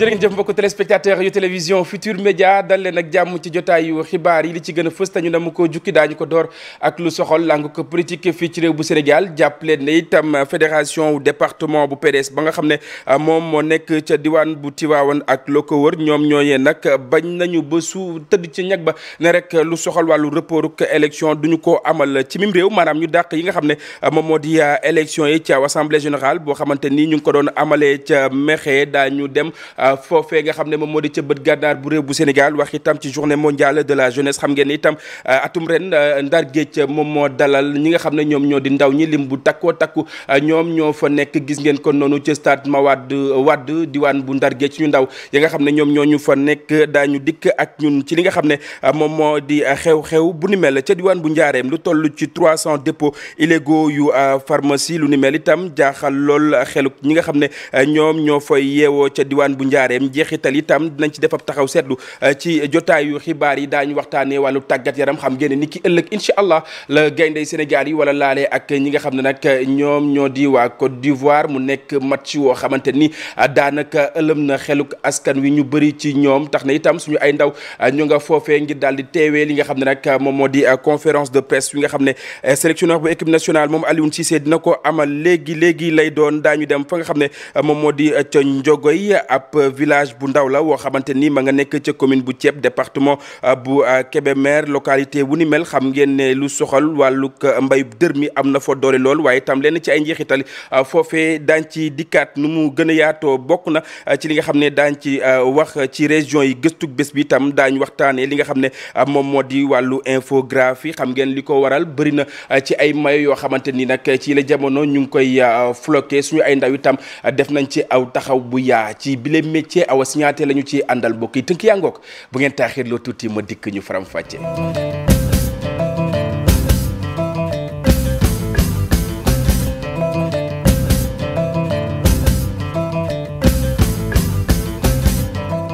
jërë jërëjëf ko téléspectateur yu télévision Futur Média dal leen ak jàmm ci jotaayu xibaar yi li ci gën a fës tañu dama ko jukki daañu ko door ak lu soxol làng ko politique fii ci réew bu Sénégal jàpp leen ne itam fédération département bu PDS ba nga xam ne ah, moom moo nekk ca diwaan bu Tiwaawan ak loo ko wër ñoom ñooyee nag bañ nañu ba su tëdd ci ñag ba ne rek lu soxal wàllu reportuk du ñu ko amal ci mim réew maanaam ñu dàq yi nga xam ne ah, moom moo di ah, élection yi ca assemblée générale boo xamante ni ñu ngi ko doon amalee ca Mexe daañu dem foofee nga xam ne moom moo di ca bët gànnaar bu réew bu Sénégal wax itam ci journée mondiale de la jeunesse xam ngeen ne itam euh, atum ren euh, ndar géej moom moo dalal ñi nga xam ne ñoom ñoo di ndaw ñi lim bu takkoo takku euh, ñoom ñoo fa nekk gis ngeen kon noonu ca stade Mawade Wade diwaan bu ndar géej ñu ndaw ya nga xam ne ñoom ñoo ñu fa nekk daañu dikk ak ñun ci li nga xam ne moom moo di xew-xew bu ni mel ca diwaan bu njaareem lu toll ci 300 dépôts illégaux yu pharmacie lu ni mel itam jaaxal lool xeluk ñi nga xam ne ñoom ñoo fay yeewoo ca diwaan bu njaareem njeexital itam dinañ ci def ab taxaw seetlu euh, ci jotaayu xibaar yi daañu waxtaanee wàllu tàggat yaram xam ngeen ni ki ëllëg incha allah la gayndey Sénégal yi wala laale ak ñi nga xam ne nag ñoom ñoo di waa Côte d'Ivoire mu nekk match woo xamante ni euh, daanaka ëlëm na xeluk askan wi ñu bëri ci ñoom tax na itam suñu ay ndaw euh, ñoo nga foofee ngir daal di teewee li nga xam ne nag moom moo di conférence de presse yi nga xam ne sélectionneur bu équipe nationale moom Aliou Cissé dina ko amal léegi léegi lay doon daañu dem fa nga xam ne moom moo di ca Ndiogoy ab village bu ndaw la woo xamante nii ma nga nekk ca commune bu Thiep département euh, bu euh, Kébémer localité wu ni mel xam ngeen ne lu soxal wàllug euh, mbay dër mi am na fa doole lool waaye tam lenn ci ay njeexital foofee daañ ci dikkaat nu mu gën yaatoo bokk na ci li nga xam ne daañ ci wax ci région yi gëstu bés bi itam daañ waxtaanee li nga xam ne moom moo di wàllu infographie xam ngeen li ko waral bëri na ci ay mayo yoo xamante ni nag ci la jamono ñu ngi koy floqué suñu ay ndaw itam def cee awa signaté la ñu ciy àndal mbokk yi tënk yaa ngoog bu ngeen taaxirloo tuuti ma dikk ñu faram fàcce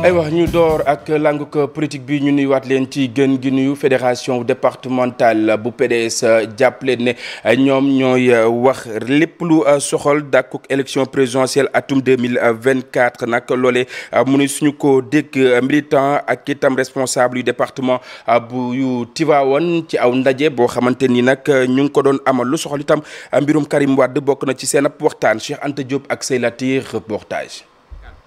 ay wax ñu door ak langu politique bi ñu nuyuwaat leen ci gën gi nuyu fédération départementale bu jàpp jàppale ne ñoom ñooy euh, wax lépp lu euh, soxal dàkkuk élection présidentielle atum 2024 nag loolee mu ni suñu ko dégg euh, militant ak itam responsable yu département bu yu Tivaouane ci aw ndaje boo xamante ni nag ñu ngi ko doon amal lu soxal itam mbirum Karim Wade bokk na ci seen ab waxtaan Cheikh Anta Diop ak Seylatir reportage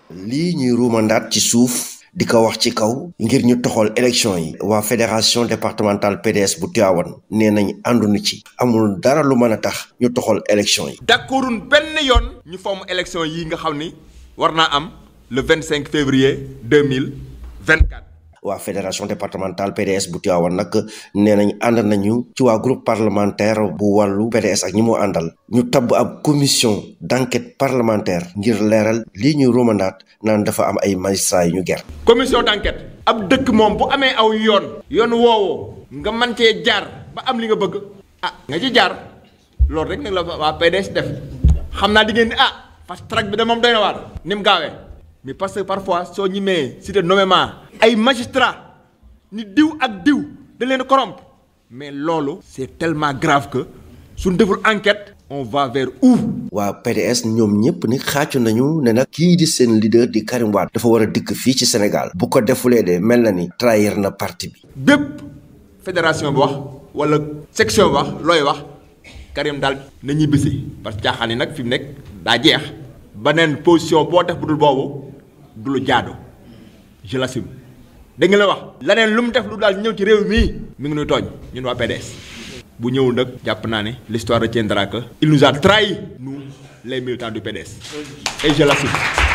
lii ñuy ruumandaat ci suuf di ko wax ci kaw ngir ñu toxal élection yi waa fédération départementale PDS bu Tivaouane nee nañ ànduñu ci amul dara lu mën a tax ñu toxal élection yi d'accordun benn yoon ñu fomm élection yi nga xam ni war naa am le 25 février 2024 waa fédération départementale PDS bu Tivaouane nag nee nañu ànd nañu ci waa groupe parlementaire bu wàllu PDS ak ñi moo àndal ñu tab ab commission d'enquête parlementaire ngir leeral lii ñuy romandaat naan dafa am ay magistrats yu ñu ger commission d'enquête ab dëkk moom bu amee aw yoon yoon woowu nga man cee jaar ba am li nga bëgg ah nga ci jaar loolu rek nag la waa PDS def xam naa di ngeen ni ah fast track bi de moom doy na waar ni gaawee mais parce que parfois soo ñimee cité nommément ay magistrat ni diw ak diw da leen corrompre mais loolu c'est tellement grave que suñ deful enquête on va vers ou waa PDS ñoom ñëpp ni xaacu nañu ne nag kii di seen leader di Karim dafa war a dikk fii ci Sénégal bu ko defulee de mel na ni trahir na partie bi bépp fédération bi wax wala section bi wax looy wax Karim daal na ñibbisi parce que caaxaan yi nag fi mu nekk daa jeex beneen position boo def bu boobu du lu jaadu je l'assume la wax. leneen lu mu def lu daal ñëw ci réew mii mi ngi nuy tooñ ñun waa PDS. bu ñëwul nag jàpp naa ne l'histoire retiendra que il nous a trahi nous les militants du PDS et je l'assume.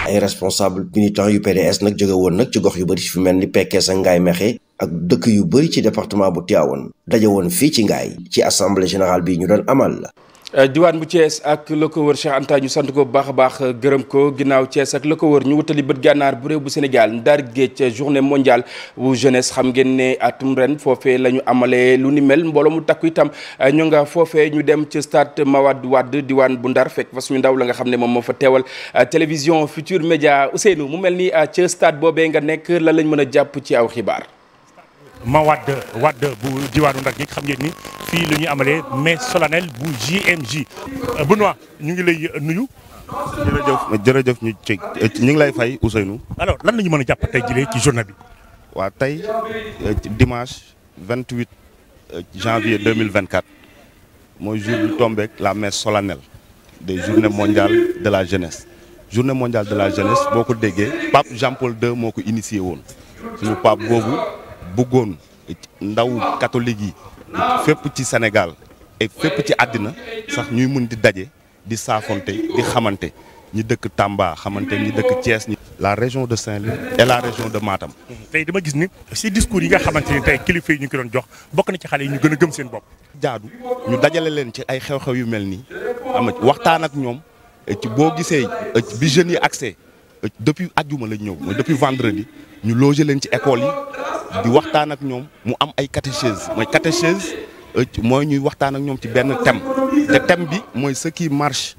ay responsable militants yu PDS nag jóge woon nag ci gox yu bëri fi mel ni Pekes ak Ngaye Mexe ak dëkk yu bëri ci département bu Tivaouane daje woon fii ci Ngaye ci assemblée générale bi ñu doon amal la. Euh, diwaan bu Thiès ak la ko wër Cheikh Anta ñu sant ko bu baax a baax gërëm ko ginnaaw Thiès ak la ko wër ñu wutali bët gànnaar bu réew bu Sénégal Ndar Géej journée mondiale bu jeunesse xam ngeen ne atum ren foofee la ñu amalee lu ni mel mbooloo mu takku itam euh, ñu nga foofee ñu dem ci stade Mawade Wade diwaan bu Ndar fekk fa suñu ndaw la nga xam ne moom moo fa teewal euh, télévision Futur Média Ousseynou mu mel ni ca stade boobee nga nekk lan lañ mën a jàpp ci aw xibaar. ma wadd wadd bu diwaanu ndax gi xam ngeen ni fii la ñuy amalee mais solennel bu JMJ. Euh, Benoît ñu ngi lay euh, nuyu. jërëjëf jërëjëf ñu ci ñu ngi lay fay Ousseynou. alors lan la ñu mën a jàpp tey jii ci journée bi. waa tey euh, dimanche vingt huit janvier deux mille vingt quatre mooy jour bi tombeek la mais solennelle des journées mondiales de la jeunesse. journée mondiale de la jeunesse boo ko déggee pape Jean Paul II moo ko initié woon suñu pape boobu. bëggoon ndaw catholique yi fépp ci Sénégal et fépp ci àddina sax ñuy mun di daje di saafonte di xamante ñi dëkk Tamba xamante ñi dëkk Thiès. la région de Saint-Louis et la région de maatam tey dama gis ni si discours yi nga xamante ni tey kilifa yi ñu ko doon jox bokk na ci xale yi ñu gën a gëm seen bopp. jaadu ñu dajale leen ci ay xew-xew yu mel nii am waxtaan ak ñoom boo gisee bi jeunes yi accès. depuis ajjuma lañ ñëw mooy depuis vendredi ñu loger leen ci école yi di waxtaan ak ñoom mu am ay catéchèse mooy catéchèse euh, mooy ñuy waxtaan ak ñoom ci benn thème te thème bi mooy ce qui marche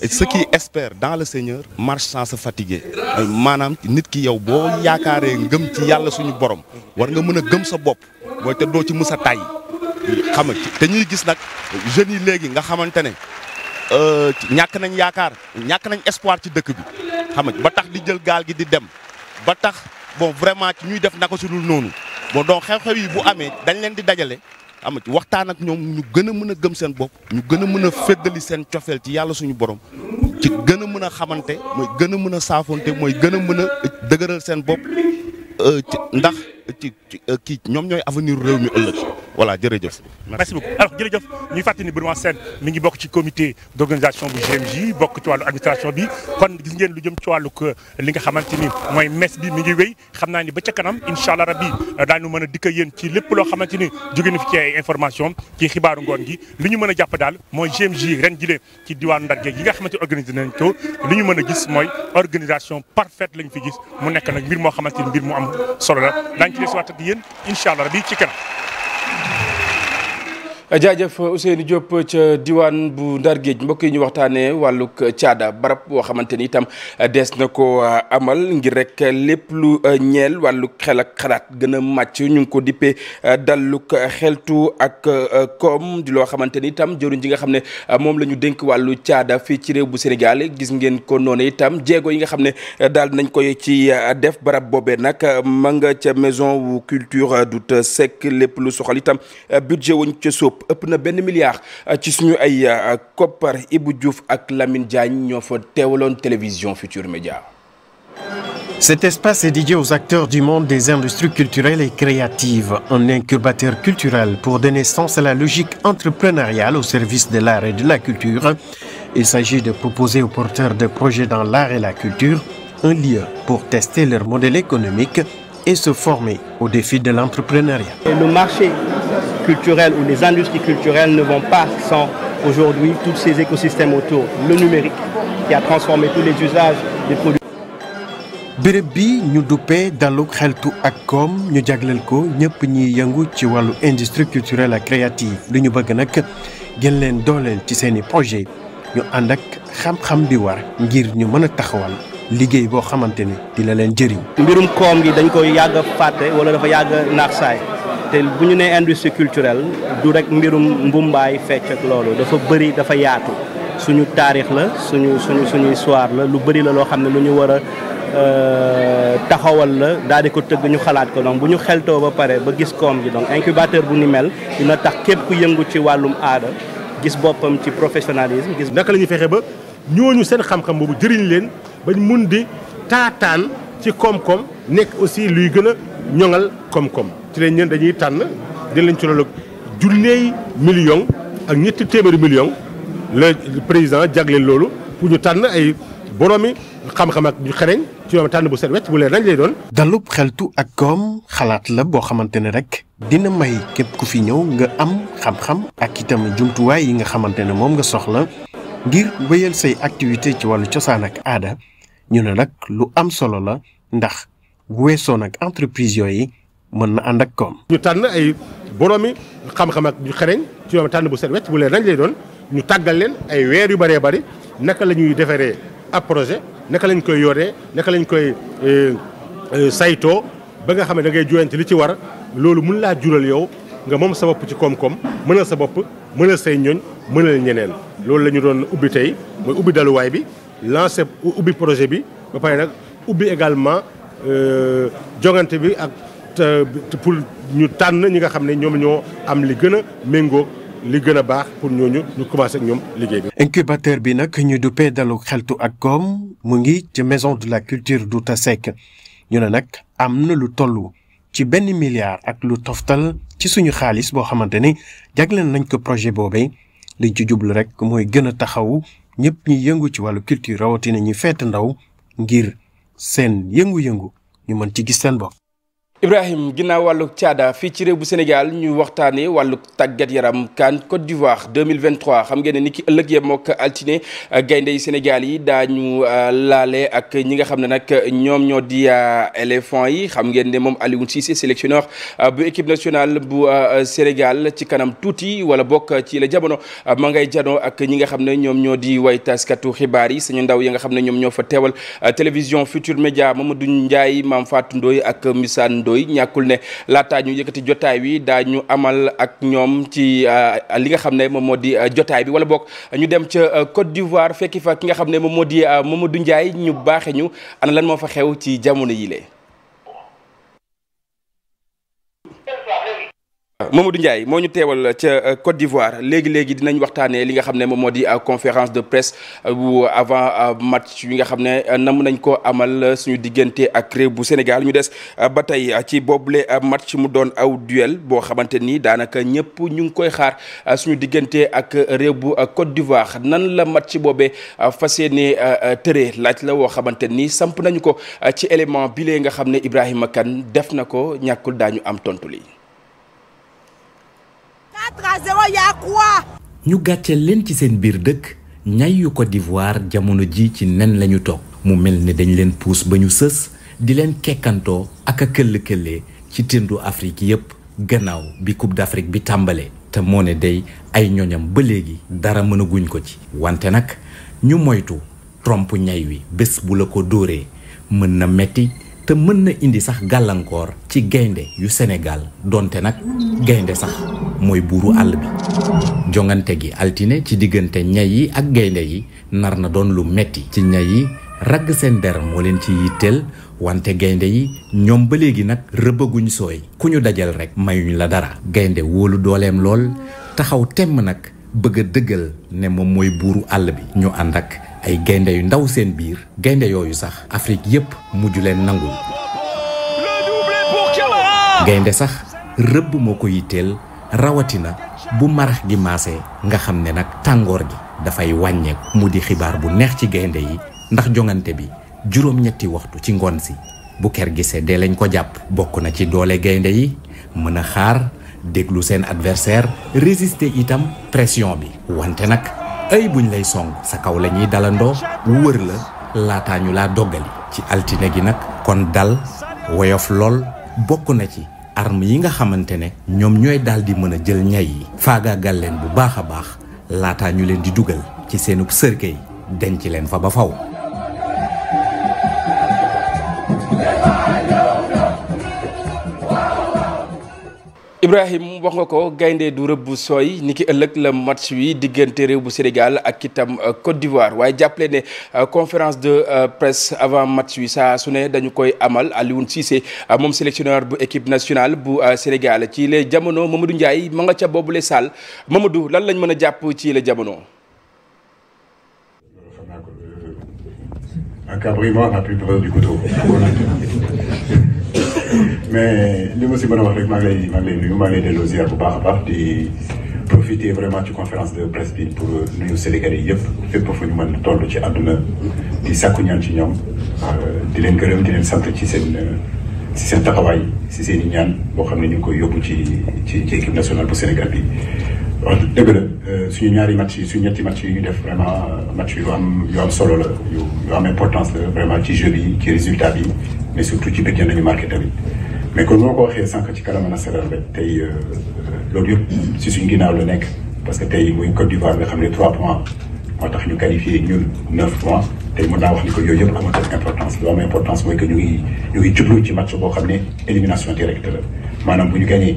et espère dans le Seigneur marche sans se fatiguer euh, maanaam nit ki yow boo yaakaaree ngëm ci yàlla suñu borom war nga mën a gëm sa bopp mooy te doo ci mës a tàyyi xam te ñuy gis nag jeunes yi léegi nga xamante ne Euh, ñàkk nañ yaakaar ñàkk nañ espoir ci dëkk bi xam ba tax di jël gaal gi di dem ba tax bon vraiment ci ñuy def naka su dul noonu boo donc xew-xew yi bu amee dañ leen di dajale xam waxtaan ak ñoom ñu gën a mën a gëm seen bopp. ñu gën a mën a féddali seen cofeel ci yàlla suñu borom ci gën a mën a xamante mooy gën a mën a saafonte mooy gën a mën a dëgëral seen bopp euh, ndax. ci euh, kii ñoom ñooy avenir réew mi ëllëg voilà jërëjëf. merci beaucoup alors jërëjëf ñuy fàttali ni Birima Sène mi ngi bokk ci comité d' organisation bu GMJ bokk ci wàllu administration bi kon gis ngeen lu jëm ci wàllu euh, li nga xamante ni mooy mes bi mi ngi wéy xam naa ni ba ca kanam incha allah rabbi euh, daañu mën a dikk yéen ci lépp loo xamante ni jóge na fi ci ay information ci xibaaru ngoon gi li ñu mën a jàpp daal mooy GMJ ren jile ci diwaanu Ndar geeg yi nga xamante organisé nañ t li ñu mën a gis mooy organisation parfaite lañ fi gis mu nekk nag mbir moo xamante ni mbir mu desiwaat ak yéen incha allah rabi ci kanam. jaajëf Ousseynou Diop ca diwaan bu Ndar Géej mbokk yi ñu waxtaanee wàllug caada barab boo xamante ni itam euh, des na ko euh, amal ngir rek lépp lu euh, ñeel wàllug xel ak xalaat gën a màcc ñu ngi ko dippee dalluk xeltu ak koom di loo xamante ni itam jëruñ ji nga xam ne moom la ñu dénk wàllu caada fii ci réew bu Sénégal gis ngeen ko noonu itam jéego yi nga xam ne daal nañ koy ci def barab boobee nag ma nga ca maison wu culture du Sec lépp lu soxal itam budget wuñ ca sóob ëpp na benn milliard euh, ci suñu ay euh, koppar Ibou Diouf ak Lamine Diagne ñoo fa teewaloon télévision Futur Média Cet espace est dédié aux acteurs du monde des industries culturelles et créatives, un incubateur culturel pour donner sens à la logique entrepreneuriale au service de l'art et de la culture. Il s'agit de proposer aux porteurs de projets dans l'art et la culture un lieu pour tester leur modèle économique et se former aux défis de l'entrepreneuriat. Le marché culturelles ou les industries culturelles ne vont pas sans aujourd'hui a transformé tous bi ñu duppee dalu xeltu ak koom ñu jagleel ko ñëpp ñiy yëngu ci wàllu industrie culturelle ak créative lu ñu bëgg nag gën leen dooleel ci seeni projet ñu ànd ak xam-xam bi war ngir ñu mën a taxawal liggéey boo xamante ni dina leen jëriñ. mbirum koom gi dañ koy yàgg fàtte wala dafa yàgg naax saay te bu ñu nee industrie culturelle du rek mbirum mbumbaay fecc ak loolu dafa bëri dafa yaatu suñu taarix la suñu suñu suñu histoire la lu bëri la loo xam ne lu ñu war a euh, taxawal la daal di ko tëgg ñu xalaat ko donc bu ñu xeltoo ba pare ba gis koom ji donc incubateur bu ni mel dina tax képp ku yëngu ci wàllum aada gis boppam ci professionnalisme gis. naka la ñuy fexe ba ñooñu seen xam-xam boobu jëriñ leen bañ mun di taataan ci koom-koom nekk aussi luy gën a ñoŋal koom-koom. ci lañ ñeen dañuy tànn dinañ ci loolu junneey million ak ñetti téeméeri million le président jagleel loolu pour ñu tànn ay boroomi xam-xam ak ñu xereñ ci yoon tànn bu set wecc bu leer nañ lay doon. dalub xeltu ak koom xalaat la boo xamante ne rek dina may képp ku fi ñëw nga am xam-xam ak itam jumtuwaay yi nga xamante ne moom nga soxla ngir wéyal say activité ci wàllu cosaan ak aada ñu ne nag lu am solo la ndax bu weesoo nag entreprise yooyu. mën na ànd ak koom. ñu tànn ay boromi xam-xam ak ñu xereñ ci yoon tànn bu set wecc bu leen nañ lay doon ñu tàggal leen ay weer yu bëree bëri naka la ñuy defaree ab projet naka lañ koy yore naka lañ koy euh, euh, sayto ba nga xam ne da ngay joyante li ci war loolu mun laa jural yow nga moom sa bopp ci koom-koom na sa bopp mën mënal say ñoñ mënal ñeneen. loolu la ñu doon ubbi tey mooy ubbi daluwaay bi lancer ubbi projet bi ba pare nag ubbi également euh, jongante bi ak. te pour ñu tànn ñi nga xam ne ñoom ñoo am li gën a méngoo li gën a baax pour ñooñu ñu commencé ak ñoom liggéey bi. incubateur bi nag ñu duppee dalu xeltu ak koom mu ngi ci maison de la culture Douta Seck ñu ne nag am na lu tollu ci benn milliard ak lu toftal ci suñu xaalis boo xamante ni jagleel nañ ko projet boobee liñ ci jublu rek mooy gën a taxaw ñëpp ñi yëngu ci wàllu culture rawatina ñi feete ndaw ngir seen yëngu-yëngu ñu mën ci gis seen bopp. Ibrahim ginnaaw wàllu caada fii ci réew bu Sénégal ñu waxtaanee wàllu tàggat yaram CAN Côte d'Ivoire 2023 xam ngeen ne ni ki ëllëg yem ak altine euh, gaynde yi Sénégal yi daañu euh, laale ak ñi nga xam ne nag ñoom ñoo di euh, éléphant yi xam ngeen ne moom Aliou Cissé sélectionneur bu équipe nationale bu Sénégal ci kanam tuuti wala bokk ci la jamono ma ngay janoo ak ñi nga xam ne ñoom ñoo di way taskatu xibaar yi suñu ndaw yi nga xam ne ñoom ñoo fa teewal télévision Futur Média Mamadou Ndiaye Mame Fatou Ndoye ak Missa Ndoye ñàkkul ne laataa ñu yëkkati jotaay wi daañu amal ak ñoom ci euh, li nga xam ne moom moo di euh, jotaay bi wala bokk ñu dem ca euh, Côte d'Ivoire fekki fa ki nga xam ne moom moo di moom du Ndiaye ñu baaxe ñu ana lan moo fa xew ci jamono yile Mamadou Ndiaye moo ñu teewal ca euh, Côte d'Ivoire léegi léegi dinañ waxtaanee li nga xam ne moom moo di euh, conférence de presse euh, bu avant match yi nga xam ne nam nañ ko amal suñu diggante ak réew bu Sénégal ñu des ba tey ci boobule match mu doon aw duel boo xamante ni daanaka ñëpp ñu ngi koy xaar suñu diggante ak réew bu Côte d'Ivoire nan la match boobee fas yéene tëree laaj la woo xamante nii samp nañu ko ci élément bi lee nga xam ne Ibrahima kan def na ko ñàkkul daañu am tontu lii 4 à 0 y ñu gàcceel leen ci seen biir dëkk ñay yu ko d'Ivoire jamono ji ci nen lañu toog mu mel ni dañ leen puus ba ñu sës di leen kekkantoo ak a këll-këllee ci tindu Afrique yépp gannaaw bi Coupe d'Afrique bi tàmbalee te moo ne day ay ñoñam ba léegi dara mën guñ ko ci wante nag ñu moytu tromp ñay wi bés bu la ko dóoree mën na metti te mën na indi sax gàllankoor ci gaynde yu senegal donte nag gaynde sax mooy buuru àll bi jongante gi altine ci diggante ñay yi ak gaynde yi nar na doon lu metti ci ñay yi ragg seen der moo leen ci yitteel wante gaynde yi ñoom ba léegi nag rëbbaguñ sooy ku ñu dajal rek mayuñu la dara gaynde wóolu dooleem lool taxaw temm nag bëgg dëggal ne moom mooy buuru àll bi ñu ànd ak ay gaynde yu ndaw seen biir gaynde yooyu sax Afrique yépp ju leen nangul gaynde sax rëbb moo ko yitteel rawatina bu marax gi maase nga xam ne nag tàngoor gi dafay wàññeeku mu di xibaar bu neex ci gaynde yi ndax jongante bi juróom-ñetti waxtu ci ngoon si bu ker gisee dee lañ ko jàpp bokk na ci doole gaynde yi mën a xaar déglu seen adversaire résister itam pression bi wante nag ay buñ lay song sa kaw lañuy dalandoo dalandoo wër la laataa ñu laa doggali ci altine gi nag kon dal woyof lool bokk na ci arm yi nga xamante ne ñoom ñooy daal di mën a jël ñay yi faagaagal leen bu baax a baax laataa ñu leen di dugal ci seenub sërke yi denc leen fa ba faw Ibrahim wax nga ko gayndee du rëbb sooy ni ki ëllëg la match wi diggante réew bu Sénégal ak itam euh, Côte d'Ivoire waaye jàppale ne euh, conférence de euh, presse avant match wi saa su ne dañu koy amal Alioune Cissé moom sélectionneur bu équipe nationale bu Sénégal ci les jamono Mamadou Ndiaye ma nga ca boobule Sall Mamadou lan lañ mën a jàpp ci les jamono. mais li ma si mën a wax rek maa ngi lay maa ngi lay nuyu maa ngi lay delloo ziar bu baax a baax di profiter vraiment ci conférence de presse bi pour nuyu Sénégalais yëpp fépp fu ñu mën toll ci àdduna di sàkku ñaan ci ñoom euh, di leen gërëm di leen sant ci seen ci seen taxawaay si seen ñaan boo xam ne ñu ngi koy yóbbu ci ci ci équipe nationale bu Sénégal bi. wax dëgg la euh, suñu ñaari match yi ñetti match yi ñu def vraiment euh, match yu am yu am solo la yu yu am importance la vraiment ci jeu bi ci résultat bi mais surtout ci bëccëg nañu marqué tamit mais ko moo ko waxee sànq ci kanam national rek tey euh, loolu yëpp si suñu ginnaaw la nekk parce que tey muy Côte d'Ivoire nga xam ne 3 points moo tax ñu qualifié ñun 9 points tey mën naa wax ni ko yooyu yëpp amatul importance lu am importance mooy que ñu ngi ñu ngi boo xam ne élimination directe la bu ñu gagné.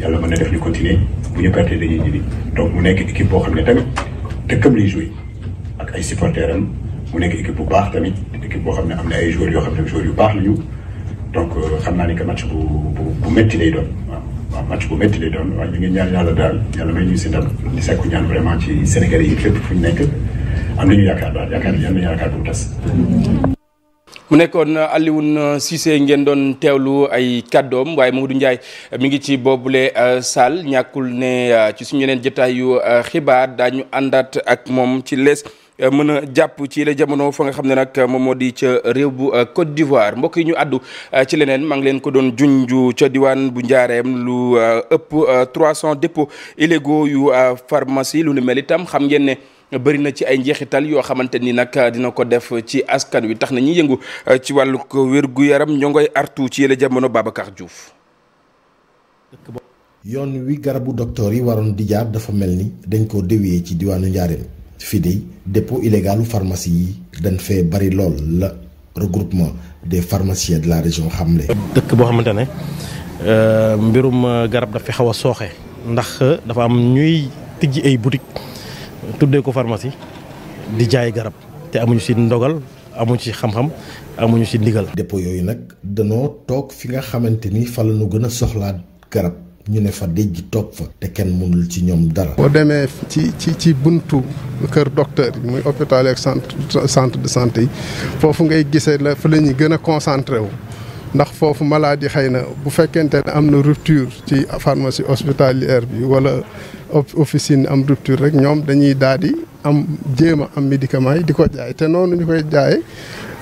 yàlla mën na def ñu continuer bu ñu perte dañuy ñibbi donc mu nekk équipe boo xam ne tamit dëkkam lay joué ak ay supporters mu nekk équipe bu baax tamit équipe boo xam ne am na ay joueurs yoo xam ne joueurs yu baax lañu donc euh, xam naa ni que match bu bu metti métti lay doon waaw waaw match bu métti lay doon waaye ñu ngi ñaan yàlla daal yàlla may ñu si ndam di sakku ñaan vraiment ci Sénégalais yi fépp fu ñu nekk am ñu yaakaar daal yaakaar yàlla na yaakaar bu tas. mu nekkoon euh, Alioune euh, Cissé ngeen doon teewlu ay kàddoom waaye du Ndiaye euh, mi ngi ci boobule salle ñàkkul ne ci suñu yeneen jotaayu xibaar daañu àndaat ak moom ci les mën a jàpp ci la jamono fa nga xam ne nag moom moo di ca réew bu Côte d'Ivoire mbokk yi ñu àddu ci leneen maa ngi leen ko doon junju ca diwaan bu njaareem lu ëpp 300 dépôts illégaux yu pharmacie lu ni mel itam xam ngeen ne. bëri na ci ay njeexital yoo xamante ni nag dina ko def ci askan wi tax na ñi yëngu euh, ci wàllu wér-gu-yaram ñoo ngoy artu ci yële jamono Babacar Diouf. yoon wi garabu docteur yi waroon di jaar dafa mel ni dañ koo déwiyee ci diwaanu Njaareem fii de dépôt illégalu pharmacie yi dañ fee bari lool la regroupement des pharmaciens de la région xam xamle. dëkk boo xamante ne euh, mbirum garab daf fi xaw a sooxe ndax dafa am ñuy tijj ay boutique tuddee ko pharmacie di jaay garab te amuñu si ndogal amuñu si xam-xam amuñu si ndigal. dépôt yooyu nag danoo toog fi nga xamante ni fa la ñu gën a soxlaa garab ñu ne fa déjji toog fa te kenn mënul ci ñoom dara. demee ci ci ci buntu kër docteur yi muy hôpital ak centre centre de santé yi foofu ngay gisee la fa la ñuy gën a concentré wu. ndax foofu maladie xëy na bu fekkente ne am na rupture ci pharmacie hospitalière bi wala. officine am rupture rek ñoom dañuy daal di am jéema am médicament yi di ko jaay te noonu ñu koy jaay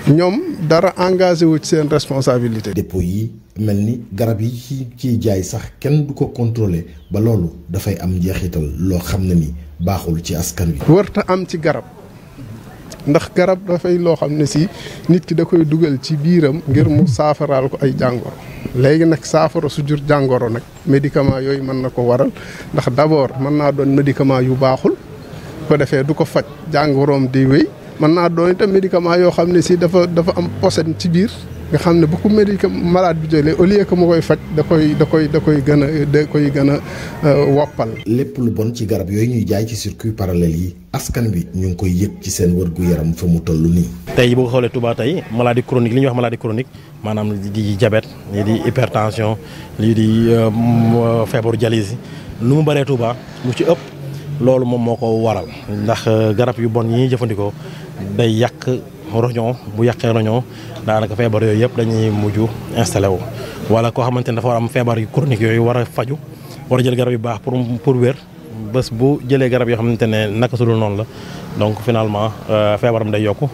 ñoom dara engagé wu seen responsabilité. dépôt yi mel ni garab yi ci ciy jaay sax kenn du ko contrôler ba loolu dafay am njeexital loo xam ne ni baaxul ci askan wi. warta am ci garab. ndax garab dafay loo xam ne si nit ki da koy dugal ci biiram ngir mu saafaraal ko ay jàngoro léegi nag saafara su jur jàngoro nag médicament yooyu mën na ko waral ndax d'abord mën naa doon médicament yu baaxul ko defee du ko faj jàngoroom di wéy mën naa doon itam médicament yoo xam ne si dafa dafa am posen ci biir nga xam ne bu ko médicament malade bi jëlee au lieu que mu koy faj da koy da koy da koy gën a da koy gën a euh, woppal. lépp lu bon ci garab yooyu ñuy jaay ci circuit parallèle yi askan bi ñu ngi koy yëg ci seen wërgu yaram fa mu toll nii. tey boo xoolee Touba tey maladie chronique li ñuy wax maladie chronique maanaam di jabet lii di hypertension lii di euh, feebaru dialyse nu mu bëree Touba mu ci ëpp. loolu moom moo ko waral ndax euh, garab yu bon yi ñuy jëfandikoo day yàq roño bu yàqee roño daanaka feebar yooyu yëpp dañuy mujj installé wu. wala koo xamante ne dafa war am feebar yu chronique yooyu war a faju war a jël garab yu baax pour pour wér bés bu jëlee garab yoo xamante ne naka su noonu la donc finalement euh, feebaram day yokku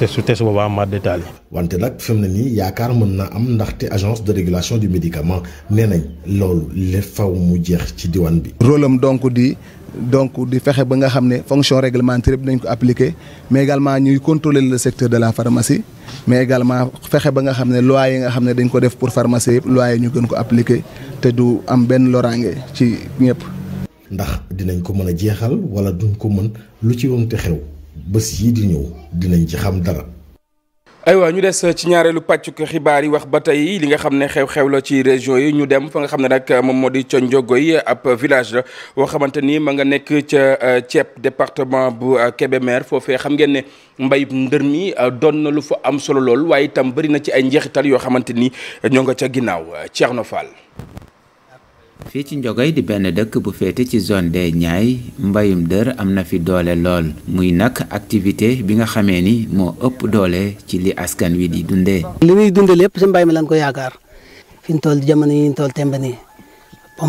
te su te su boobaa ma détaillé. wante nag fi na nii yaakaar mën na am ndaxte agence de régulation du médicament nee nañ loolu le faw mu jeex ci diwaan bi. rôle am donc di donc di fexe ba nga xam ne fonction réglementaire bi dinañ ko appliquer mais également ñuy contrôler le secteur de la pharmacie mais également fexe ba nga xam ne loi yi nga xam ne dañ ko def pour pharmacie yëpp loi ñu gën ko appliquer te du am benn loraange ci ñëpp. ndax dinañ ko mën a jeexal wala duñ ko mën lu ci wonte xew. bés yii di ñëw dinañ ci xam dara. aywa ñu des ci ñaareelu pàcc xibaar yi wax ba tey li nga xam ne xew-xew la ci région yi ñu dem fa nga xam ne nag moom moo di Thiongogoy ab village la boo xamante nii ma nga nekk ca euh, ceeb département bu euh, Kébémer foofee xam ngeen ne mbayub ndër mi euh, doon na lu fa am solo lool waaye itam bëri na ci ay njeexital yoo xamante ni ñoo nga ca ginnaaw Thierno Fall. fii ci Ndiogay di benn dëkk bu féete ci zone des ñaay mbayum dër am na fi doole lool muy nag activité bi nga xamee ni moo ëpp doole ci li askan wi di dundee. li ñuy dundee lépp si mbay mi lan ko yaakaar fi ñu toll jamono yi ñu tembani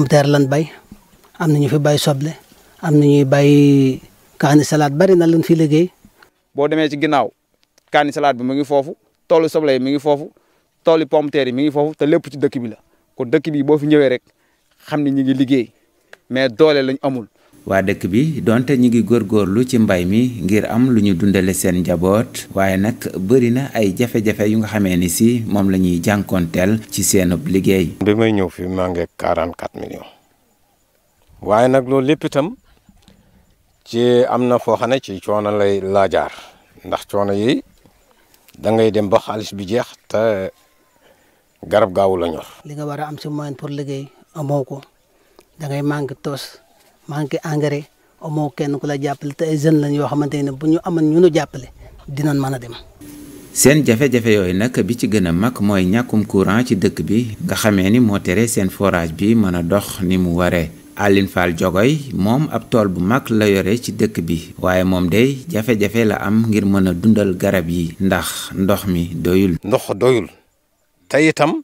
temb lan bay am na ñu fi bay soble am na ñuy bay kaani salade bari na lan fi liggéey. boo demee ci ginnaaw kaani salade bi mu ngi foofu toolu soble yi mi ngi foofu toolu pomme de yi mi ngi foofu te lépp ci dëkk bi la kon dëkk bi boo fi ñëwee rek. xam ni ñu ngi liggéey mais doole lañ amul. waa dëkk bi donte ñu ngi góorgóorlu ci mbay mi ngir am lu ñu dundale seen njaboot waaye nag bëri na ay jafe-jafe yu nga xamee ni si moom la ñuy jànkoonteel ci seenub liggéey. bi may ñëw fi maa ngi 44 millions waaye nag loolu lépp itam ci am na foo xam ne ci coono lay laajaar ndax coono yi dangay dem ba xaalis bi jeex te garab gaawu la ñor. li nga war am si moyen pour liggéey. amoo ko da ngay manqué tos manqué engrais amoo kenn ku la jàppale te ay jeunes lañ yoo xamante ne bu ñu amoon ñunu jàppale dinañ mën a dem. seen jafe-jafe yooyu nag bi ci gën a mag mooy ñàkkum courant ci dëkk bi nga xamee ni moo tere seen forage bi mën a dox ni mu waree Aline Fall Jogoy moom ab tool bu mag la yore ci dëkk bi waaye moom day jafe-jafe la am ngir mën a dundal garab yi ndax ndox mi doyul. ndox doyul te itam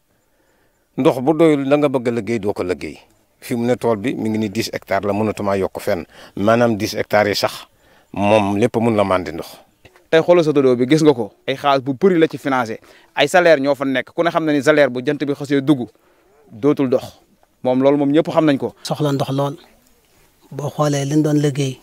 ndox bu doyul la nga bëgg a liggéey doo ko liggéey fi mu ne tool bi mi ngi ni dix hectares la mënatuma yokk fenn maanaam dix hectares yi sax moom lépp mun la màndi ndox. tey xoolal sa dodo bi gis nga ko ay xaalis bu bëri la ci financé ay salaire ñoo fa nekk ku ne xam na ni salaire bu jant bi xasee dugg dootul dox moom loolu moom ñëpp xam nañ ko. soxla ndox lool boo xoolee liñ doon liggéey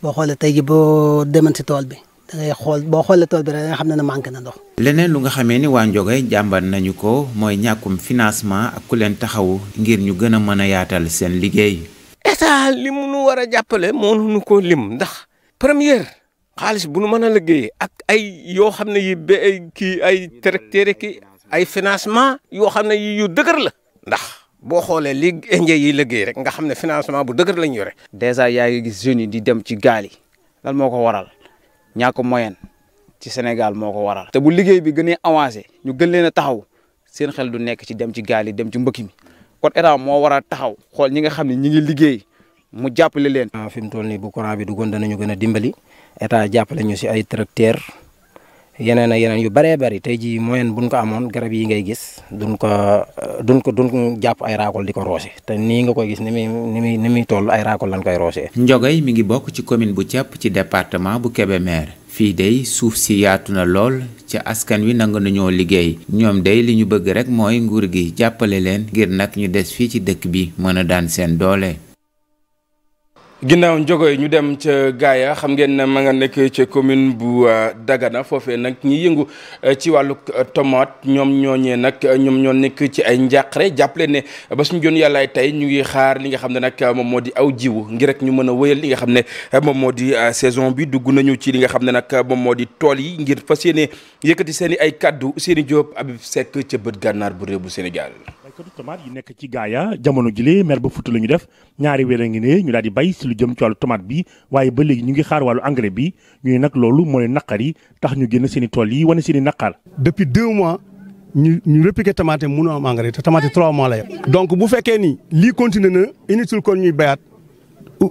boo xoolee tey ji boo demoon si tool bi. da xool boo xoolee tool bi rek nga xam ne ne manqué na ndox. leneen lu nga xamee ni waa Ndiogay jàmbat nañu ko mooy ñàkkum financement ak ku leen taxaw ngir ñu gën a mën a yaatal seen liggéey. état li mu nu war a jàppale mënuñu ko lim ndax première xaalis bu nu mën a liggéey ak ay yoo xam ne yi ba ay kii ay tracteur ki ay financement yoo xam ne yi yu dëgër la ndax. boo xoolee li indien yi liggéey rek nga xam ne financement bu dëgër lañ yore. dèjà yaa ngi gis jeunes di dem ci gaal yi lan moo ko waral ñàkk moyen ci Sénégal moo ko waral. te bu liggéey bi gënee avancé ñu gën leen a taxaw seen xel du nekk ci dem ci gaal yi dem ci mbëkk mi kon état moo war a taxaw xool ñi nga xam ne ñi ngi liggéey mu jàppale leen. fi mu toll nii bu a bi duggoon danañu gën a dimbali état jàppale ñu si ay tracteurs. yeneen ak yu bëree bëri tey jii moyen buñ ko amoon garab yi ngay gis duñ ko dun ko duñ jàpp ay raakol di ko roose te nii nga koy gis ni muy ni muy ni toll ay raakol lañ koy roose. Ndiogay mi ngi bokk ci commune bu Thiep ci département bu Kébémer fii dey suuf si yaatu na lool ci askan wi nanga nu ñoo liggéey ñoom dey li ñu bëgg rek mooy nguur gi jàppale leen ngir nag ñu des fii ci dëkk bi mën a daan seen doole. ginnaaw njogo ñu dem ca gaaya xam ngeen ne ma nga nekk ca commune bu euh, Dagana foofee nag ñi yëngu euh, ci wàllu euh, tomate ñoom ñooñee nag ñoom ñoo nekk ci ay njàqare jàppale ne ba suñ joon yàllaay tey ñu ngi xaar li nga xam ne nag moom moo di aw jiw ngir rek ñu mën a wëyal li nga xam ne moom moo di saison bi dugg nañu ci li nga xam ne nag moom moo di tool yi ngir fas yéene yëkkati seen i ay kaddu seen i jóob Habib Seck ca bët gànnaar bu réew bu béykatu tomate yi nekk ci gaaya jamono jilee mer ba futu la ñu def ñaari weer a ngi ñu daal di bay si lu jëm ci wàllu tomate bi waaye ba ñu ngi xaar wàllu engrais bi ñuy nag loolu mooy naqar tax ñu génn seen i wane seen naqar depuis deux ñu ñu répliqué tomate mënoo am engrais te tomate trois mois la yem donc lii continué na inutile kon ñuy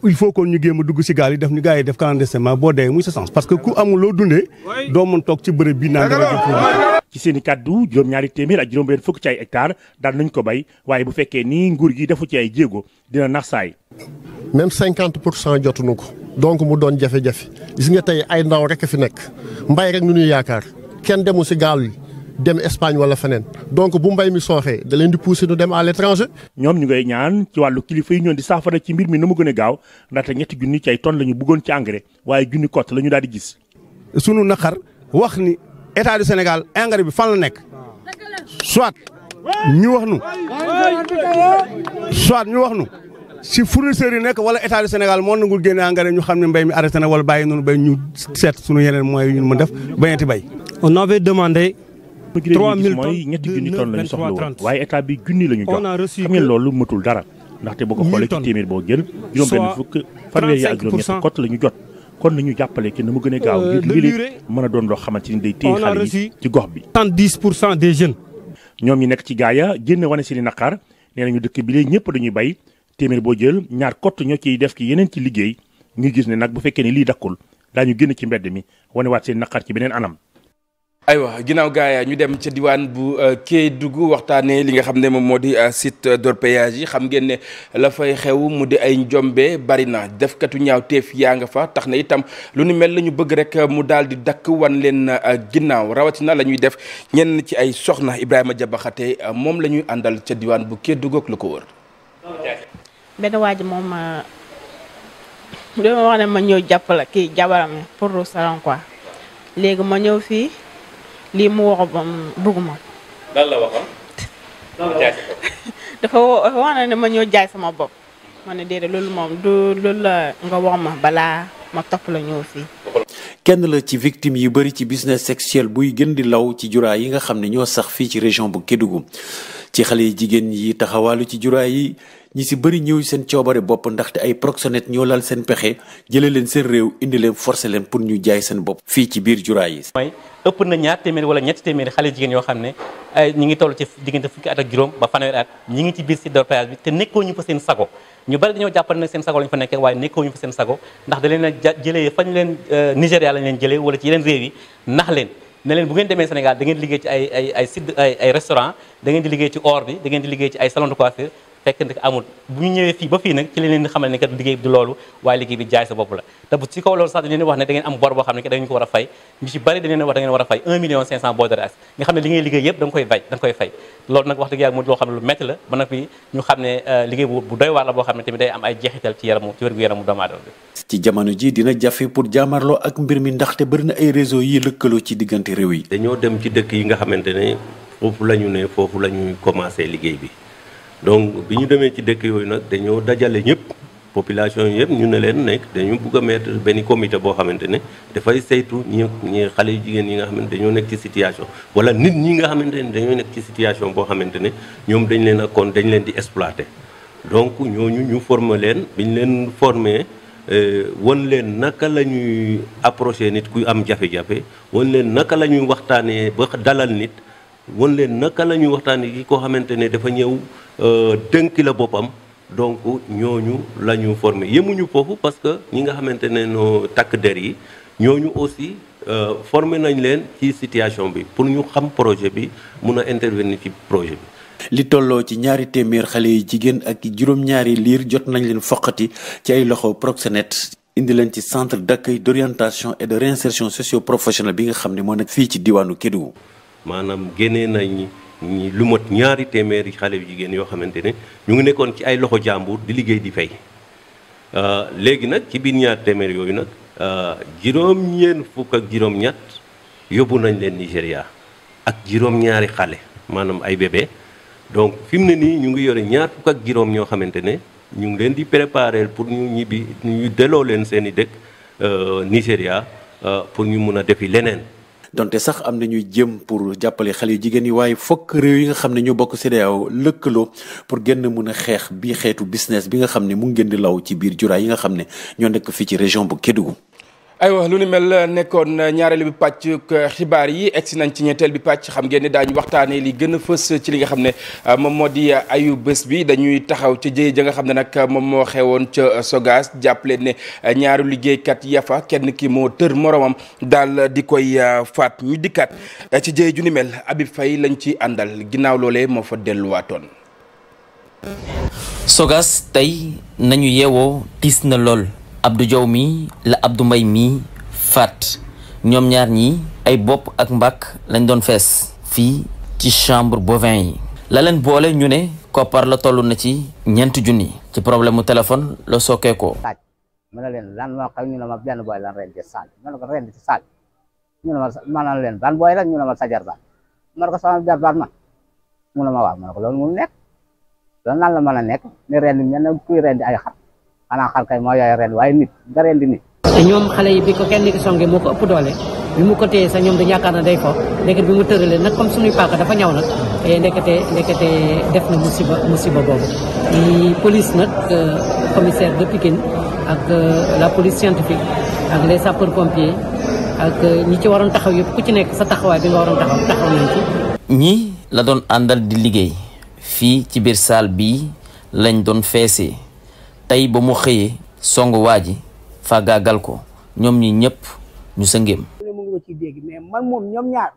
il faut kon ñu géem a dugg si gaal yi def ñu gars yi def clandestinement boo dee muy sa sens parce que ku amul loo doo mën toog ci bërëb bi naa dara ci seen i kàddu juróom-ñaari téeméer ak juróom-benn fukk ci ay hectares daal nañ ko bay waaye bu fekkee nii nguur gi defu ci ay jéego dina nax saay même cinquante pour cent jotuñu ko donc mu doon jafe-jafe gis nga tey ay ndaw rek fi nekk mbay rek ñu ñuy yaakaar kenn demul si gaal yi dem Espagne wala feneen donc bu mbay mi sooxee da leen di pousser ñu dem à l'étranger. ñoom ñu ngay ñaan ci wàllu kilifa yi ñoon di saafara ci mbir mi na mu gën a gaaw ndaxte ñetti junni ci ay tonnes la ñu bëggoon ci engrais waaye junni kott la ñu daal di gis. sunu naqar wax ni état du Sénégal engrais bi fan la nekk soit ñu wax nu soit ñu wax nu si fournisseurs yi nekk wala état du Sénégal moo nangul génne engrais ñu xam ne mbéy mi arrêté na wala bàyyi noonu béy ñu seet sunu yeneen moyens yu ñu mën def bañati bay. on bëgg nañu mooy ñetti junni tonnes la ñu soxla woon waaye état bi junni la ñu jox xam ngeen loolu mëtul dara ndaxte boo ko xoolee ci téeméer boo jël juróom benn fukk fanweer yi ak juróom ñett cote la ñu jot kon ni ñu jàppale ci na mu gën a euh, mën a doon loo xamante ni day téye xale yi ci gox bi 10 pour cent des jeunes ñoom ñi nekk ci gaaya génn wane seeni naqar nee nañu dëkk bi léegi ñëpp dañuy bay téeméer boo jël ñaar kott ñoo ciy def ci yeneen ci liggéey ñu gis ne nag bu fekkee ne lii dakkul daañu génn ci mbedd mi wane waat seen naqar ci beneen anam aywa ginnaaw gaaya ñu dem ca diwaan bu euh, Kédougou waxtaanee li nga xam ne moom moo di euh, site d'orpaillage yi xam ngeen ne la fay xew mu di ay njombe bari na defkatu ñaaw teef yaa nga fa tax na itam lu ni mel la ñu bëgg rek euh, mu dal di dakk wan leen ginnaaw rawatina la ñuy def ñenn ci ay soxna Ibrahima Jabaxate moom lañuy àndal ca diwaan bu Kédougou ak lu ko wër. benn waa moom li ma wax ne ma ñëw jàppale kii jabaram pour salon quoi léegi ma ñëw fii. lii mu waxu ba mu dafa wax na ne ma ñëw jaay sama bopp. ma ne déedéet loolu moom du loolu la nga wax ma balaa ma topp la ñëw fii. kenn la ci victime yu bari ci business sexuel buy gën di law ci juraa yi nga xam ne ñoo sax fii ci région bu Kédougou ci xale yi jigéen yi taxawaalu ci juraa yi. ñi si bëri ñëw seen coobare bopp ndaxte ay proxénètes ñoo laal seen pexe jële leen seen réew indi leen forcé leen pour ñu jaay seen bopp fii ci biir juraa yi mooy ëpp na ñaar téeméeri wala ñetti téeméeri yoo xam ne ñi ngi toll ci diggante fukki at ak juróom ba ngi ci biir site d'orpaillage bi te nekkoo ñu fa seen sago ñu bari dañoo jàppal seen sago lañu fa nekkee waaye nekkoo ñu fa seen sago ndax da leen a jëlee fañ leen euh, Nigéria lañ leen jëlee wala ci yeneen réew yi nax leen ne bu ngeen demee Sénégal da ngeen di liggéey ci ay ay ay site ci or bi da ngeen di liggéey ci ay salon de fekk nag amul bu ñu ñëwee fii ba fii nag ci lañ leen di xamal ne leen ne da ngeen am bor boo xam ne da ngeen ko war a fay ñu ci bari dañ leen wax da a ne li ngay liggéey yëpp da nga koy fay da nga koy euh, am ay jeexital ci yaramu ci wér-gu-yaramu doomu aadama bi ci jamono ji dina jafe pour jaamarloo ak na ay réseau yi lëkkaloo ci diggante réew yi dañoo dem ci dëkk yi nga xamante ne foofu la ñu ne foofu la ñuy commencé liggéey bi donc bi ñu demee ci dëkk yooyu nag dañoo dajale ñëpp population yëpp ñu ne leen nekk dañu bugg a mettre benn comité boo xamante ne dafay saytu ñi ñi xale yu jigéen yi nga xamante dañoo nekk ci situation wala nit ñi nga xamante ne dañoo nekk ci situation boo xamante ne ñoom dañ leen a kon dañ leen di exploiter donc ñooñu ñu former leen bi ñu leen former euh, wan leen naka la ñuy approcher nit kuy am jafe-jafe wan leen naka la ñuy waxtaanee ba dalal nit won leen naka la ñuy waxtaanee ki koo xamante ne dafa ñëw euh, dënki la boppam donc ñooñu la ñu formé yemuñu foofu parce que ñi nga xamante ne noo takk der yi ñooñu aussi euh, formé nañ leen ci situation bi pour ñu xam projet bi mun a intervenir ci projet bi. li tolloo ci ñaari téeméer xale yi jigéen ak juróom-ñaari liir jot nañ leen foqati ci ay loxo Proxénète indi leen ci centre d'accueil d'orientation et de réinsertion socio-professionnelle bi nga xam ne moo nekk fii ci diwaanu Kédougou. maanaam génnee nañ ñi lu mot ñaari téeméeri xale yu jigéen yoo xamante ne ñu ngi nekkoon ci ay loxo jàmbur di liggéey di fay euh, léegi nag ci biir ñaar téeméer yooyu nag euh, juróom-ñeent fukk ak juróom-ñett yóbbu nañ leen Nigéria ak juróom-ñaari xale maanaam ay bébé donc fi mu ne nii ñu ngi yore ñaar fukk ak juróom ñoo xamante ne ñu ngi leen di préparer pour ñu ñibbi ñu delloo leen seen i dëkk euh, Nigéria pour ñu mun a defi leneen. donte sax am na ñuy jëm pour jàppale xale yu jigéen yi waaye fokk réew yi nga xam ne ñu bokk CEDEAO lëkkaloo pour génn mun a xeex bii xeetu business bi nga xam ne mu ngi gën di law ci biir jura yi nga xam ne ñoo nekk fii ci région bu Kédougou aywa lu ni mel nekkoon ñaareelu bi pàcc xibaar yi egsi nañ ci ñetteel bi pàcc xam ngeen ne waxtaanee li gën a fës ci li nga xam ne euh, moom moo di euh, ayu bés bi dañuy taxaw ca jëye ja nga xam ne nag euh, moom moo xewoon ca Sogas jàppale ne ñaaru liggéeykat yafa kenn ki moo tër moroomam daal di koy faat ñu dikkaat ci jëye ju ni mel abi fay lañ ci àndal ginnaaw loole moo fa delluwaatoon. Sogas tey nañu yeewoo tiis na lool. Abdou jow mii la Abdou Mbaye mii faat ñoom ñaar ñi ay bopp ak mbak lañ doon fees fii ci chambre bovin yi la leen boole ñu ne koppar la toll na ci ñeenti junni ci problème mu téléphone la sookee ko ma ne leen lan moo ñu ne benn booy lan ren ci saal ma leen ban booy la ñu ne ma sa jarbaat ma ne ko sama jarbaat ma mu ne ma waaw ma ne ko loolu nekk loolu nan la mën a nekk ne ren bi mel kuy ren ay xar xanaa xal moo yooyu ren waaye nit nga ren di nit te eh, ñoom xale yi bi ko kenn ki moo ko ëpp doole bi mu ko téye sax ñoom dañu yaakaar na day fo ndeket bi mu tëralee nag comme suñuy paaka dafa ñaw nag eh, ndekete ndekete def na musiba musiba boobu police nag euh, commissaire de Pikine ak euh, la police scientifique ak les sapeurs pompiers ak euh, ñi ci waroon taxaw yëpp ku ci nekk sa taxawaay bi nga waroon taxaw taxaw nañ ci ñii la doon àndal di liggéey fii ci biir salle bii lañ doon feesee tey ba mu xëyee song waa ji faagaagal ko ñoom ñi ñëpp ñu sa ngéem mu ngi ma mais man moom ñoom ñaar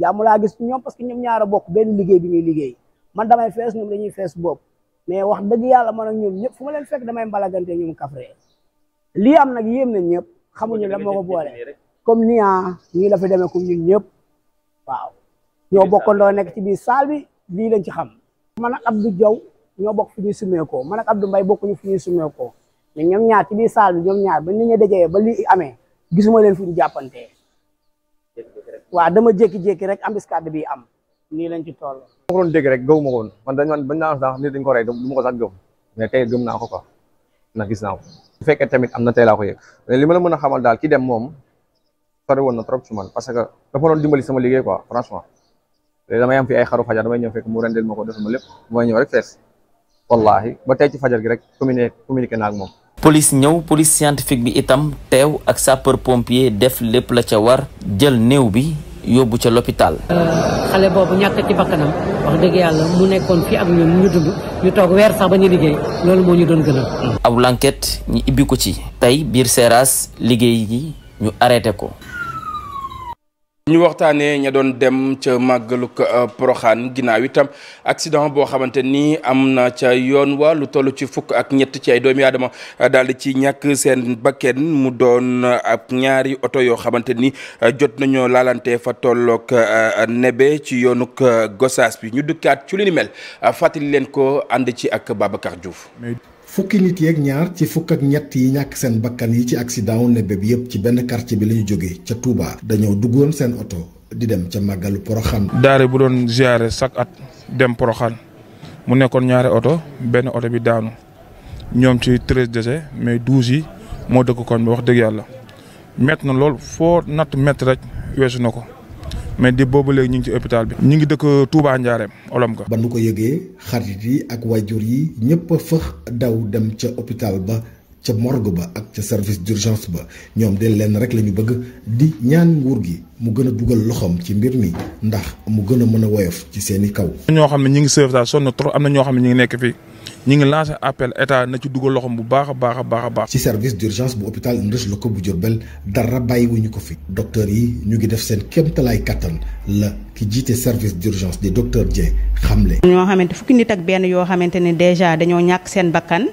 jàmm laa gis ñoom parce que ñoom ñaar a bokk benn liggéey bi ñuy liggéey man damay fees ñoom dañuy fees bopp mais wax dëgg yàlla man ak ñoom ñëpp fu ma leen fekk damay mbalagante ñoom kafre lii am nag yéem nañ ñëpp xamuñu la moo ko boole comme nii ah nii la fi ko ñu ñun ñëpp waaw ñoo bokk bokkandoo nekk ci biir saal bi lii lañ ci xam man ak Abdou Diaw ñoo bokk fu ñuy sumeekoo man ak Abdou Mbaye bokkuñu fu ñuy sumeekoo mais ñoom ñaar ci biir salle bi ñoom ñaar ba ñu ñi dajee ba lii amee gisuma leen fu ñu jàppantee waa dama jékki-jékki rek embuscade bi am nii lañ ci toll. ma ko doon dégg rek ma woon man dañ man bañ naa sax nit dañ ko rey du ma ko sax gëm mais tey gëm naa ko quoi ndax gis naa ko bu am na tey laa ko yëg li ma la mën a xamal daal ki dem moom sori woon na trop ci man parce que dafa doon dimbali sama liggéey quoi franchement léegi fekk mu rendel ma ko def ma lépp mooy ñëw rek fees wallahi ba tey ci fajar gi rek communiqué communiqué ñëw police scientifique bi itam teew ak sapeur pompier def lépp la ca war jël néew bi yóbbu ca l'hôpital. xale boobu ñàkk ci bakkanam wax dëgg yàlla mu nekkoon fii ak ñun ñu dund ñu toog weer sax ba ñu liggéey loolu moo ñu doon gënal. aw l'enquête ñu ibbi ko ci. tey biir seeraas liggéey yi ñu arrêté ko. ñu waxtaanee ña doon dem ca màggalug euh, Poroxaan ginnaaw itam accident boo xamante ni am na ca yoon wa lu toll ci fukk ak ñett ci ay doomi aadama euh, daal di ci ñàkk seen bakken mu doon euh, ak ñaari oto yoo xamante ni jot nañoo laalante fa tolloog nebe ci yoonug Gosaas bi ñu dëkkaat ci lu ni mel fàttali leen ko ànd ci ak Babacar Diouf. fukki nit yeeg ñaar ci fukk ak ñett yi ñàkk seen bakkan yi ci accident wu Nebbe bi yépp ci benn quartier bi la ñu jógee ca Touba dañoo duggoon seen oto di dem ca màggalu Poroxaan. daare bu doon ziare chaque at dem Poroxaan mu nekkoon ñaari oto benn oto bi daanu ñoom ci treize décès mais douze yi moo dëkk kon bi wax dëgg yàlla métti na lool foo natt métti rek weesu na ko. mais di boobu léegi ñu ngi ci hôpital bi ñu ngi dëkk Touba Ndiarème olom ko. ba nu ko yëgee xarit yi ak wajur yi ñëpp a fëx daw dem ca hôpital ba. ca morgue ba ak ca service d'urgence ba ñoom de lenn rek la ñu bëgg di ñaan nguur gi mu gën a dugal loxoom ci mbir mi ndax mu gën a mën a woyof ci seen i kaw. ñoo xam ne ñu ngi sëf daal sonn trop am na ñoo xam ne ñu ngi nekk fii ñu ngi lancé appel état na ci dugal loxoom bu baax a baax a baax a baax. ci service d'urgence bu hôpital Ndeye Loko bu Diourbel dara ñu ko fi. docteur yi ñu ngi def seen kéemtalaay kattan la ki jiite service d'urgence di docteur Dieng xamle. ñoo xamante fukki nit ak benn yoo xamante ne déjà dañoo ñàkk seen bakkan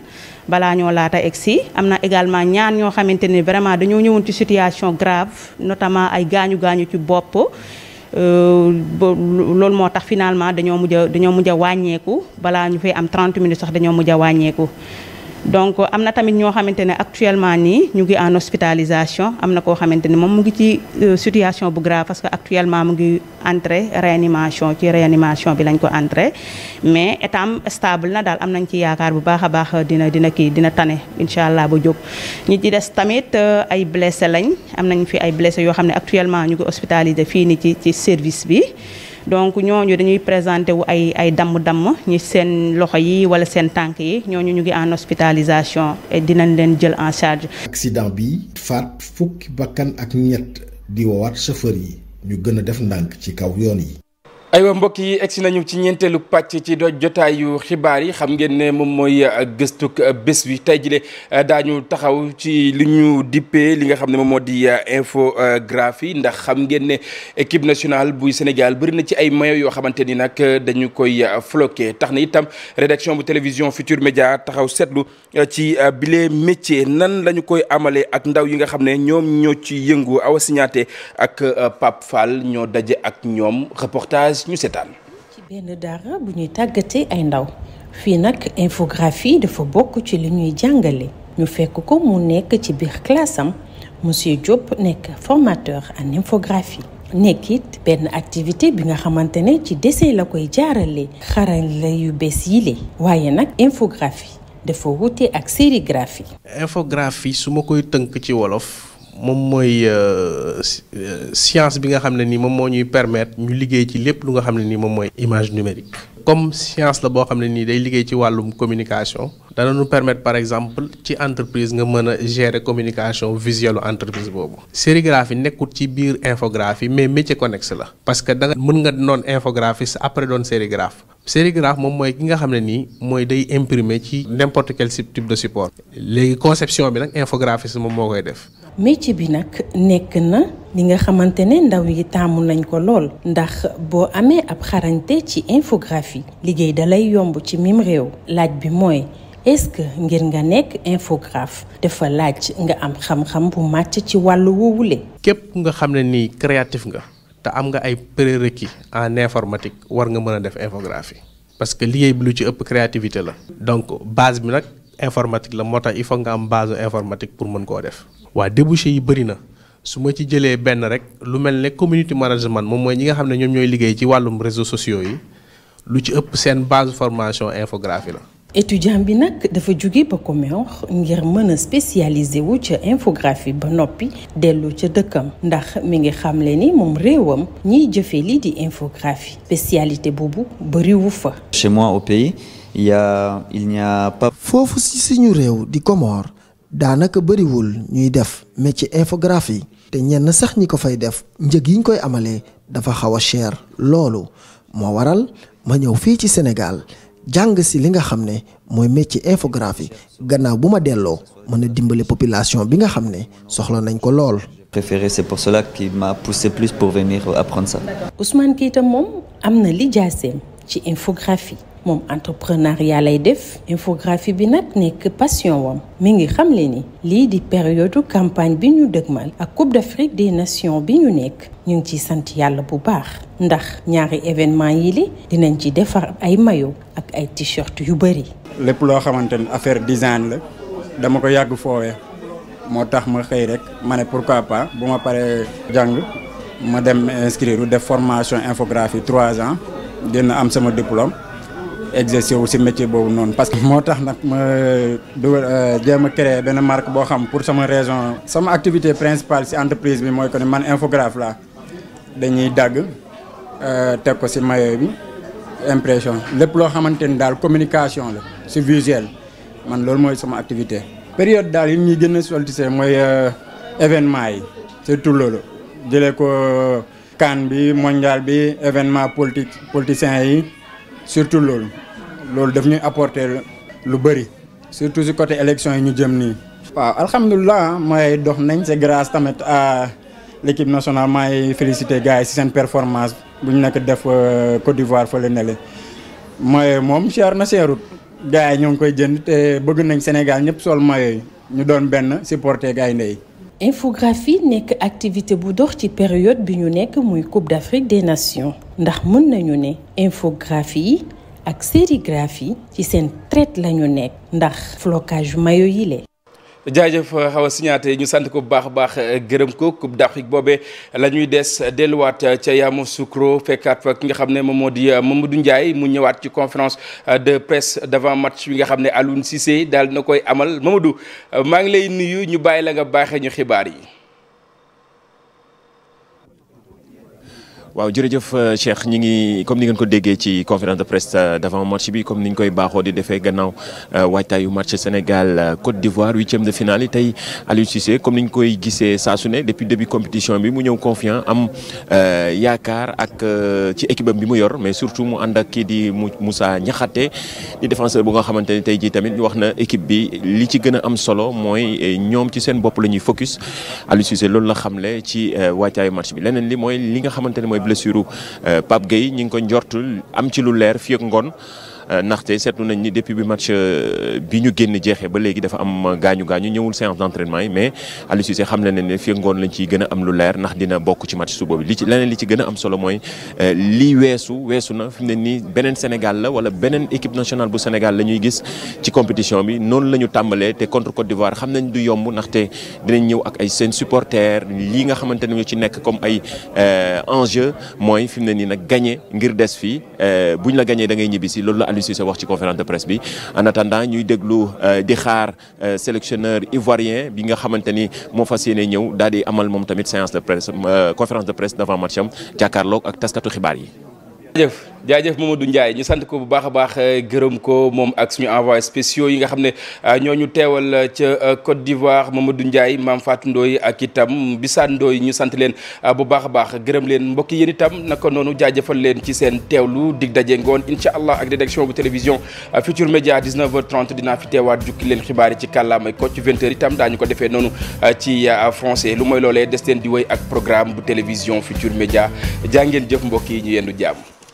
balaa ñoo laata egg si am na également ñaan ñoo xamante ni vraiment dañoo ñëwoon ci situation grave notamment ay gaañu gaañu ci bopp. Euh, loolu moo tax finalement dañoo mujj a dañoo mujj a wàññeeku balaa ñu fay am 30 minutes sax dañoo mujj a wàññeeku. donc euh, am na tamit ñoo xamante ne actuellement nii ñu ngi en hospitalisation am na koo xamante ne moom mu ngi ci euh, situation bu grave parce que actuellement mu ngi entré réanimation ci réanimation bi lañ ko entré mais état stable na daal am nañ ci yaakaar bu baax a baax euh, dina dina kii dina tane incha allah ba jóg ñi ci des tamit ay blessé lañ am nañ fi ay blessé yoo xam ne actuellement ñu ngi hospitalisé fii nii ci ci service bi donc ñooñu dañuy présenté wu ay ay damm-damm ñi seen loxo yi wala seen tànk yi ñooñu ñu ngi en hospitalisation et dinañ leen jël en charge. accident bi faat fukki bakkan ak ñett di woowaat chauffeur yi ñu gën a def ndànk ci kaw yoon yi. aywa mbokk yi egsi nañu ci ñeenteelu pàcc ci do jotaayu xibaar yi xam ngeen ne moom mooy euh, gëstuk euh, bés wi tey jile euh, daañu taxaw ci li ñu dippee li nga xam ne moom moo di infographie ndax xam ngeen ne équipe nationale buy Sénégal bëri na ci ay mayo yoo xamante ni nag dañu koy floqué tax na itam rédaction bu télévision Futur Média taxaw seetlu ci bile métier nan la koy amalee ak ndaw yi nga xam ne ñoom ñoo ci yëngu Awa Signaté ak Pape Fall ñoo daj ak ñoom ñu seetaan. ci benn daara bu ñuy tàggatee ay ndaw fii nag infographie dafa bokk ci li ñuy jàngale ñu fekk ko mu nekk ci biir classe am monsieur Diop nekk formateur en infographie nekkit benn activité bi nga xamante ne ci dessin la koy jaarale xarañ yu bees yile waaye nag infographie dafa wute ak sérigraphie. infographie su ma koy tënk ci wolof. moom mooy euh, euh, science bi nga xam ne nii moom moo ñuy permettre ñu liggéey ci lépp lu nga xam ne ni moom mooy image numérique. comme science la boo xam ne nii day liggéey ci wàllum communication. dana nu permettre par exemple ci entreprise nga mën a gérer communication visuelle entreprise boobu. sérigraphie nekkut ci biir infographie mais métier connexe la. parce que da mën nga noon infographiste après doon sérigraphe. sérigraphe moom mooy ki nga xam ne nii mooy day imprimer ci n'importe quel type de support. léegi conception bi nag infographiste moom moo koy def. métier bi nag nekk na li nga xamante ne ndaw yi taamu nañ ko lool ndax boo amee ab xarañte ci infographie liggéey dalay yomb ci mim réew laaj bi mooy est-ce que ngir nga nekk infographe dafa laaj nga am xam-xam bu màcc ci woowu le képp nga xam ne nii créatif nga te am nga ay prérequis en informatique war nga mën a def infographie parce que liggéey bi lu ci ëpp créativité la donc base bi nag informatique la moo tax il faut nga am base informatique pour mën koo def waa débouché yi bëri na su ma ci jëlee benn rek lu mel ne community management moom mooy ñi nga xam ne ñoom ñooy liggéey ci wàllum réseaux sociaux yi lu ci ëpp seen base formation infographie la. étudiant bi nag dafa jóge ba Commerce ngir mën a spécialisé wu ca infographie ba noppi dellu ca dëkkam ndax mi ngi xamle ni moom réewam ñiy jëfee lii di infographie spécialité boobu bëriwu fa. chez moi au foofu si suñu réew di Comores daanaka bëriwul ñuy def métier infographie te ñenn sax ñi ko fay def njëg yiñ koy amalee dafa xaw a cher loolu moo waral ma ñëw fii ci Sénégal jàng si li nga xam ne mooy métier infographie gannaaw bu ma delloo mën a dimbali population bi nga xam ne soxla nañ ko lool. préféré c'est pour cela qui m'a poussé plus pour venir apprendre ça. li jaaseem ci infographie. moom entrepreneuriat lay def infographie bi nag nekk passion wam mi ngi xamle ni lii di période campagne bi ñu dëgmal ak Coupe d'Afrique des Nations bi ñu nekk ñu ngi ciy sant yàlla bu baax ndax ñaari événement yi li dinañ ci defar ay mayo ak ay t-shirt yu bëri. lépp loo xamante ni affaire design la dama ko yàgg foowee moo tax ma xëy rek ma ne pourquoi pas bu ma paree jàng ma dem inscrire def formation infographie trois ans dina am sama diplôme. exercer wu si métier boobu noonu parce que moo tax nag ma dugal euh, jéem a créer benn marque boo xam pour sama raison sama activité principale si entreprise bi mooy que ne man infographe la dañuy dagg euh, teg ko si maillot bi impression lépp loo xamante ni daal communication la si visuel man loolu mooy sama activité période daal yi ñuy gën a sollicité mooy euh, événement yi surtout loolu jëlee ko CAN bi mondial bi événement politique politiciens yi surtout loolu loolu def ñuy apporter lu bëri surtout ci côté élection yi ñu jëm nii. waaw alhamdulilah mooy dox nañ c'est grâce tamit à l'équipe nationale maay félicité gars si seen performance bu ñu nekk def euh, Côte d'Ivoire fële ne nele mooy moom cher na seerut gars ñoo ngi koy jënd te bëgg nañ Sénégal ñëpp sol maillot ñu doon benn supporter gaynde yi. infographie nekk activité bu dox ci période bi ñu nekk muy Coupe d'Afrique des Nations ndax mën nañu ne infographie yi. ak sérigraphie ci seen traite la ñu nekk ndax flocage mayo yi lee jaajëf xawa signaté ñu sant ko bu baax a baax gërëm ko coupe d'Afrique boobe la ñuy des delluwaat ca Yamoussoukro fekkaat fa ki nga xam ne moom moo di euh, Mamadou Ndiaye mu ñëwaat ci conférence euh, de presse d'avant match bi nga xam ne Aliou Cissé daal na koy amal du euh, maa ngi lay nuyu ñu bàyyi la nga baaxee ñu xibaar yi waaw jërëjëf euh, Cheikh ñi ngi comme ni ngeen ko déggee ci conférence de presse euh, d'avant match bi comme ni ñu koy baaxoo di defee gannaaw euh, waajtaayu match Sénégal Côte d'Ivoire huitième de finale yi tey Aliou comme ni ñu koy gisee saa su ne depuis début compétition bi mu ñëw confiant am yaakaar ak ci équipe bi mu yor mais surtout mu ànd ak kii di mu Moussa Niakhaté di défenseur bu nga xamante ne tey jii tamit wax na équipe bi li ci gën a am solo mooy ñoom ci seen bopp la ñuy focus Aliou Cissé loolu la xamle ci waajtaayu match bi leneen li mooy li nga xamante ne mooy blessure euh, Pape Gueye ñi ngi ko njortul am ci lu leer fii ak ngoon Euh, ndaxte seetlu nañ ni depuis bi match euh, bi ñu génn jeexee ba léegi dafa am gaañu gaañu ñëwul séance d'entraînement yi mais Aliou Cissé xam na ne ne fii ngoon lañ ciy gën am lu leer ndax dina bokk ci match suba bi li ci leneen li ci gën a am solo mooy euh, lii weesu weesu na fi mu ne nii beneen Sénégal la wala beneen équipe nationale bu Sénégal la ñuy gis ci compétition bi noonu la ñu tàmbalee te contre Côte d'Ivoire xam nañ du yomb ndaxte dinañ ñëw ak ay seen supporters lii nga xamante ne ñu ci nekk comme ay enjeu mooy fi mu ne nii nag gagné ngir des fii buñ la gagné da ngay ñibbisi loolu Aliou Cissé wax ci conférence de presse bi en attendant ñuy déglu euh, di xaar euh, sélectionneur ivoirien bi nga xamante ni moo fas yéene ñëw daal di amal moom tamit séance de presse euh, conférence de presse d'avant match am jàkkaarloog ak taskatu xibaar yi. jaajëf Mamadou Ndiaye ñu sant ko bu baax a baax euh, gërëm ko moom ak suñu envoyé spéciaux yi nga xam ne euh, ñoo ñu teewal euh, ca Côte d'Ivoire Mamadou Ndiaye maam Fatou Ndoye ak itam Bissane Ndoye ñu sant leen bu baax a baax gërëm leen mbokk yéen itam naka noonu jaajëfal leen ci seen teewlu dig daje ngoon incha allah ak rédaction bu télévision Futur Média 19h30 dinaa fi teewaat jukki leen xibaar yi ci kàllaamay ko ci 20h itam daañu ko defee noonu ci français lu mooy loolee des leen di wéy ak programme bu télévision Futur Média jaa jëf mbokk yi ñu yendu jàmm